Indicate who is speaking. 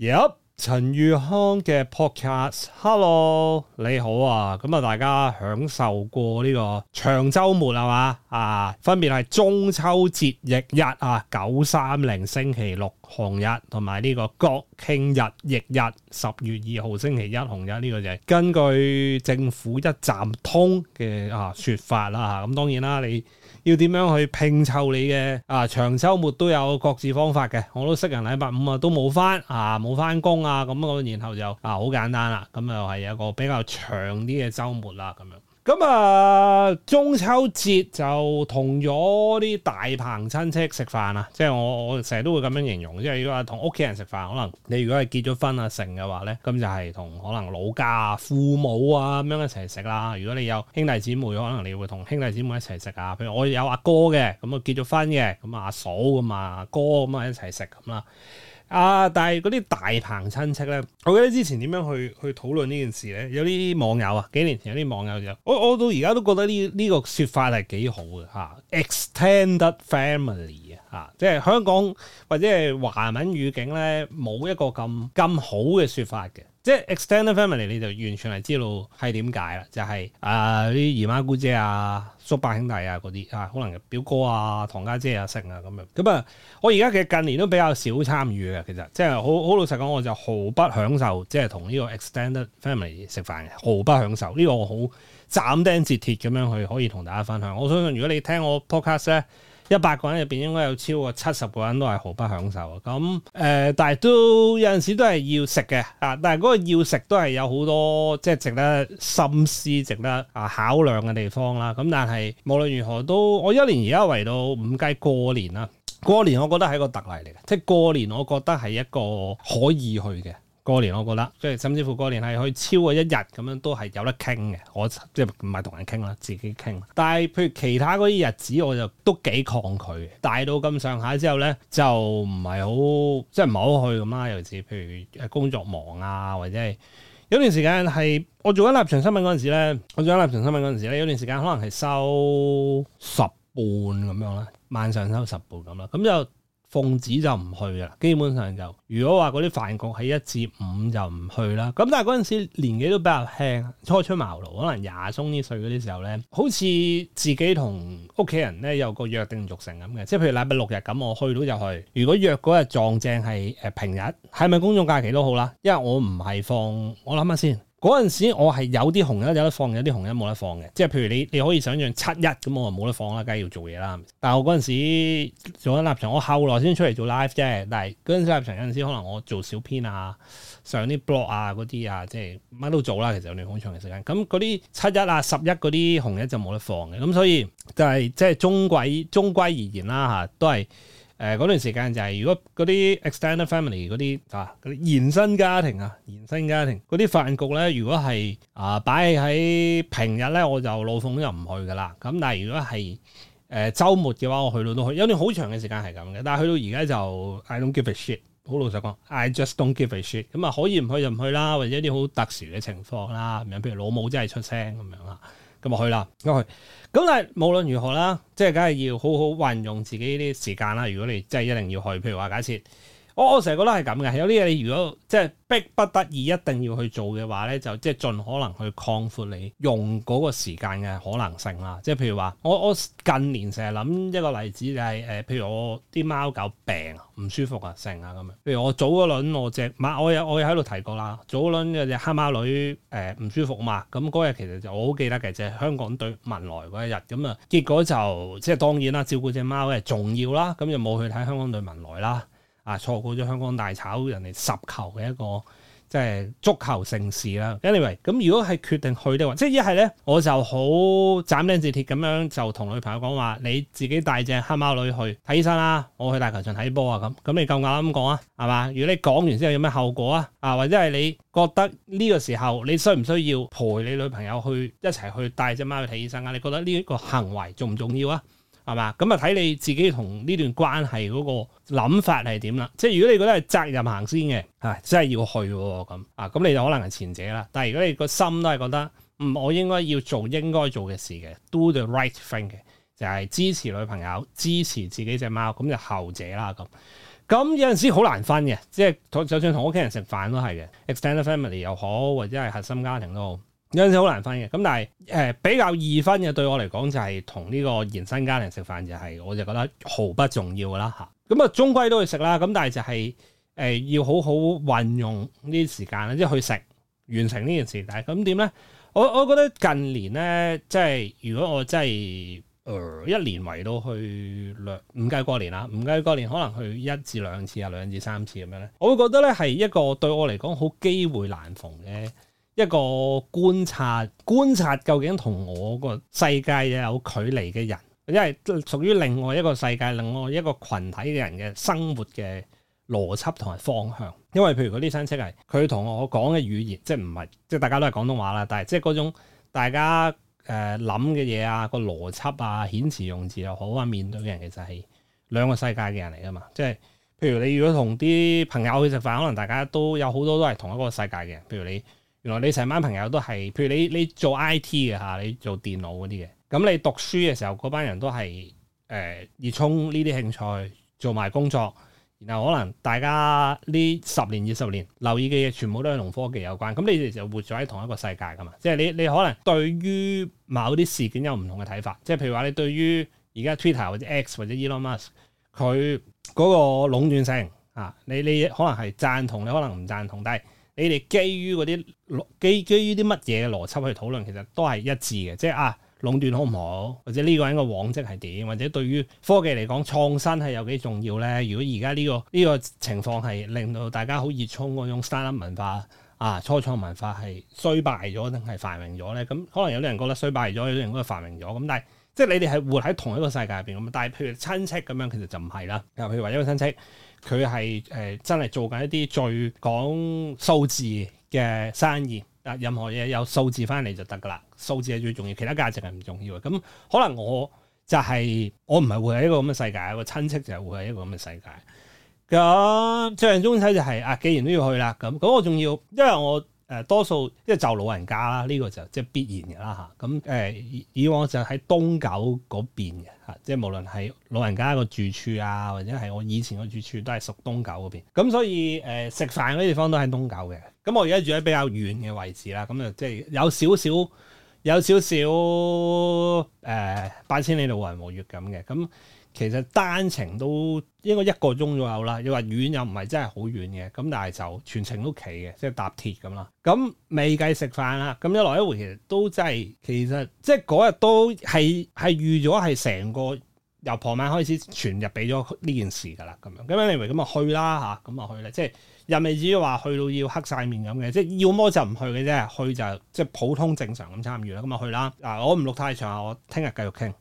Speaker 1: 有陳宇康嘅 podcast，Hello，你好啊，咁啊，大家享受過呢個長周末係嘛啊？分別係中秋節翌日啊，九三零星期六紅日，同埋呢個國慶日翌日十月二號星期一紅日，呢個就係根據政府一站通嘅啊說法啦吓，咁、啊、當然啦你。要點樣去拼湊你嘅啊長周末都有各自方法嘅，我都識人禮拜五啊都冇翻啊冇翻工啊咁咁，然後就啊好簡單啦，咁又係一個比較長啲嘅周末啦，咁樣。咁啊、嗯，中秋節就同咗啲大彭親戚食飯啊！即係我我成日都會咁樣形容，即係如果話同屋企人食飯，可能你如果係結咗婚啊成嘅話咧，咁就係同可能老家啊父母啊咁樣一齊食啦。如果你有兄弟姊妹，可能你會同兄弟姊妹一齊食啊。譬如我有阿哥嘅，咁啊結咗婚嘅，咁啊阿嫂咁啊阿哥咁啊一齊食咁啦。啊！但係啲大鵬親戚咧，我記得之前點樣去去討論呢件事咧，有啲網友啊，幾年前有啲網友就，我我到而家都覺得呢呢個說法係幾好嘅吓，啊，extended family 啊，即係香港或者係華文語境咧，冇一個咁咁好嘅說法嘅。即係 extended family，你就完全係知道係點解啦，就係啊啲姨媽姑姐啊、叔伯兄弟啊嗰啲啊，可能表哥啊、堂家姐啊、成啊咁樣。咁啊，我而家嘅近年都比較少參與嘅，其實即係好好老實講，我就毫不享受即係同呢個 extended family 食飯嘅，毫不享受。呢個我好斬釘截鐵咁樣去可以同大家分享。我相信如果你聽我 podcast 咧，呢一百個人入邊應該有超過七十個人都係毫不享受啊！咁誒、呃，但係都有陣時都係要食嘅啊！但係嗰個要食都係有好多即係值得心思、值得啊考量嘅地方啦。咁、啊、但係無論如何都，我一年而家圍到五街過年啦。過年我覺得係一個特例嚟嘅，即係過年我覺得係一個可以去嘅。過年我覺得，即係甚至乎過年係去超過一日咁樣都係有得傾嘅，我即係唔係同人傾啦，自己傾。但係譬如其他嗰啲日子，我就都幾抗拒嘅。大到咁上下之後咧，就唔係好即係唔係好去咁啦。尤其是譬如誒工作忙啊，或者係有段時間係我做緊立場新聞嗰陣時咧，我做緊立場新聞嗰陣時咧，有段時間可能係收十半咁樣啦，晚上收十半咁啦，咁就。奉旨就唔去啦，基本上就如果話嗰啲飯局喺一至五就唔去啦。咁但係嗰陣時年紀都比較輕，初出茅廬，可能廿中啲歲嗰啲時候咧，好似自己同屋企人咧有個約定俗成咁嘅，即係譬如禮拜六日咁我去到就去。如果約嗰日撞正係誒平日，係咪公眾假期都好啦，因為我唔係放。我諗下先。嗰陣時我係有啲紅人有得放，有啲紅人冇得放嘅。即係譬如你你可以想象七一咁我就冇得放啦，梗係要做嘢啦。但係我嗰陣時做緊立場，我後來先出嚟做 live 啫。但係嗰陣時立場有陣時可能我做小編啊，上啲 blog 啊嗰啲啊，即係乜都做啦。其實有段好長嘅時間，咁嗰啲七一啊、十一嗰啲紅人就冇得放嘅。咁所以就係即係中規中規而言啦、啊、嚇、都係。誒嗰、呃、段時間就係、是、如果嗰啲 extended family 嗰啲啊啲延伸家庭啊延伸家庭嗰啲飯局咧，如果係啊擺喺平日咧，我就老奉就唔去噶啦。咁但係如果係誒週末嘅話，我去到都去。有啲好長嘅時間係咁嘅，但係去到而家就 I don't give a shit，好老實講，I just don't give a shit、嗯。咁啊可以唔去就唔去啦，或者啲好特殊嘅情況啦，咁樣譬如老母真係出聲咁樣啦。咁咪去啦，咁去。咁但係無論如何啦，即係梗係要好好運用自己啲時間啦。如果你真係一定要去，譬如話，假設。我我成日覺得係咁嘅，有啲嘢你如果即係逼不得已一定要去做嘅話咧，就即係盡可能去擴闊你用嗰個時間嘅可能性啦。即係譬如話，我我近年成日諗一個例子就係誒，譬如我啲貓狗病唔舒服啊，成啊咁樣。譬如我早嗰輪我隻貓，我有我有喺度提過啦。早嗰輪有隻黑貓女誒唔舒服嘛，咁嗰日其實就我好記得嘅，即係香港對文萊嗰一日咁啊。結果就即係當然啦，照顧隻貓係重要啦，咁就冇去睇香港對文萊啦。啊，錯過咗香港大炒人哋十球嘅一個即係足球盛事啦。Anyway，咁如果係決定去嘅話，即係一係咧，我就好斬釘截鐵咁樣就同女朋友講話，你自己帶隻黑貓女去睇醫生啦，啊，我去大球場睇波啊，咁咁你夠膽咁講啊，係嘛？如果你講完之後有咩後果啊？啊，或者係你覺得呢個時候你需唔需要陪你女朋友去一齊去帶隻貓去睇醫生啊？你覺得呢個行為重唔重要啊？係嘛？咁啊，睇你自己同呢段關係嗰個諗法係點啦。即係如果你覺得係責任行先嘅，嚇真係要去喎咁啊。咁你就可能係前者啦。但係如果你個心都係覺得，嗯，我應該要做應該做嘅事嘅，do the right thing 嘅，就係支持女朋友、支持自己隻貓，咁就後者啦。咁咁有陣時好難分嘅，即係就算同屋企人食飯都係嘅 extended family 又好，或者係核心家庭都好。有陣時好難分嘅，咁但係誒、呃、比較易分嘅，對我嚟講就係同呢個延伸家庭食飯、就是，就係我就覺得毫不重要噶啦吓。咁、嗯、啊，終歸都要食啦，咁但係就係、是、誒、呃、要好好運用呢啲時間啦，即、就、係、是、去食完成呢件事但係。咁點咧？我我覺得近年咧，即係如果我真係誒一年圍到去兩，唔計過年啦，唔計過年，可能去一至兩次啊，兩至三次咁樣咧，我會覺得咧係一個對我嚟講好機會難逢嘅。一個觀察觀察，究竟同我個世界有距離嘅人，因為屬於另外一個世界、另外一個群體嘅人嘅生活嘅邏輯同埋方向。因為譬如嗰啲親戚係佢同我講嘅語言，即係唔係即係大家都係廣東話啦，但係即係嗰種大家誒諗嘅嘢啊個邏輯啊遣詞用字又好啊，面對嘅人其實係兩個世界嘅人嚟噶嘛。即係譬如你如果同啲朋友去食飯，可能大家都有好多都係同一個世界嘅人，譬如你。原來你成班朋友都係，譬如你你做 IT 嘅吓，你做電腦嗰啲嘅，咁你讀書嘅時候嗰班人都係誒熱衷呢啲興趣，做埋工作，然後可能大家呢十年二十年留意嘅嘢全部都係同科技有關，咁你哋就活咗喺同一個世界噶嘛，即係你你可能對於某啲事件有唔同嘅睇法，即係譬如話你對於而家 Twitter 或者 X 或者 Elon Musk 佢嗰個壟斷性啊，你你可能係贊同，你可能唔贊同，但係。你哋基於嗰啲邏基基於啲乜嘢嘅邏輯去討論，其實都係一致嘅。即係啊，壟斷好唔好？或者呢個人嘅往績係點？或者對於科技嚟講，創新係有幾重要咧？如果而家呢個呢個情況係令到大家好熱衷嗰種 startup 文化啊，初創文化係衰敗咗定係繁榮咗咧？咁可能有啲人覺得衰敗咗，有啲人覺得繁榮咗。咁但係。即係你哋係活喺同一個世界入邊咁，但係譬如親戚咁樣，其實就唔係啦。譬如話一個親戚，佢係誒真係做緊一啲最講數字嘅生意，啊任何嘢有數字翻嚟就得噶啦，數字係最重要，其他價值係唔重要嘅。咁可能我就係、是、我唔係活喺一個咁嘅世界，個親戚就係活喺一個咁嘅世界。咁最近中秋就係、是、啊，既然都要去啦，咁咁我仲要，因為我。誒多數即係就老人家啦，呢、這個就即係必然嘅啦嚇。咁誒、呃、以往就喺東九嗰邊嘅嚇，即係無論係老人家個住處啊，或者係我以前個住處都係屬東九嗰邊。咁所以誒、呃、食飯嗰啲地方都喺東九嘅。咁我而家住喺比較遠嘅位置啦，咁啊即係有少少。有少少誒、呃、八千里路雲和月咁嘅，咁、嗯、其實單程都應該一個鐘左右啦。你話遠又唔係真係好遠嘅，咁但係就全程都企嘅，即係搭鐵咁啦。咁、嗯、未計食飯啦，咁、嗯、一來一回其實都真係，其實即係嗰日都係係預咗係成個由傍晚開始全日俾咗呢件事㗎啦，咁樣咁樣你嚟咁啊去啦吓，咁啊去，去啦，即係。又未至於話去到要黑晒面咁嘅，即要麼就唔去嘅啫，去就即普通正常咁參與啦，咁就去啦。嗱，我唔錄太長，我聽日繼續傾。